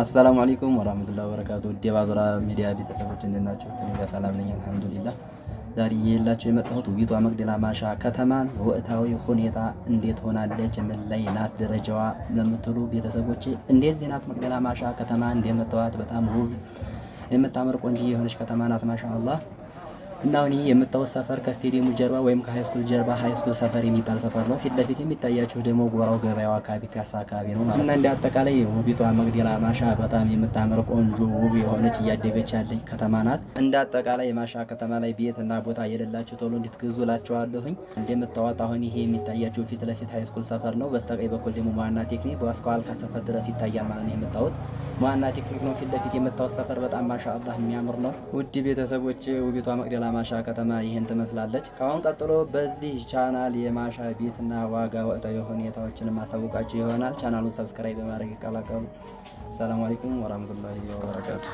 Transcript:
አሰላሙ አለይኩም ወራህመቱላሂ ወበረካቱ። የባዞራ ሚዲያ ቤተሰቦች እንዴት ናቸው? እኔ ጋር ሰላም ነኝ አልሐምዱሊላህ። ዛሬ ይዤላችሁ የመጣሁት ውቢቷ መቅደላ ማሻ ከተማን ወቅታዊ ሁኔታ እንዴት ሆናለች፣ ምን ላይ ናት፣ ደረጃዋ ለምትሉ ቤተሰቦች እንደዚህ ናት መቅደላ ማሻ ከተማ እንደመጣዋት በጣም ውብ የምታምር ቆንጆ የሆነች ከተማ ናት። ማሻአላህ እና አሁን ይህ የምታዩት ሰፈር ከስቴዲየሙ ጀርባ ወይም ከሃይስኩል ጀርባ ሃይስኩል ሰፈር የሚባል ሰፈር ነው። ፊት ለፊት የሚታያችሁ ደግሞ ጎራው ገበያው አካባቢ ፒያሳ አካባቢ ነው ማለት እና እንደ አጠቃላይ ውቢቷ መግደላ ማሻ በጣም የምታምር ቆንጆ ውብ የሆነች እያደገች ያለች ከተማ ናት። እንደ አጠቃላይ ማሻ ከተማ ላይ ቤት እና ቦታ የሌላችሁ ቶሎ እንድትገዙ ላችኋለሁኝ። አሁን ይሄ የሚታያችሁ ፊት ለፊት ሃይስኩል ሰፈር ነው። በስተቀኝ በኩል ደግሞ ዋና ቴክኒክ በአስኳልካ ሰፈር ድረስ ይታያል ማለት ነው የምታዩት ቴክኒክ ነው። ፊት ለፊት የምታወስ ሰፈር በጣም ማሻ አላህ የሚያምር ነው። ውድ ቤተሰቦች ውቢቷ መቅደላ ማሻ ከተማ ይህን ትመስላለች። ከአሁን ቀጥሎ በዚህ ቻናል የማሻ ቤትና ዋጋ ወቅታዊ ሁኔታዎችን ማሳወቃቸው ይሆናል። ቻናሉን ሰብስክራይብ በማድረግ ይቀላቀሉ። አሰላሙ አለይኩም ወራህመቱላሂ ወበረካቱ።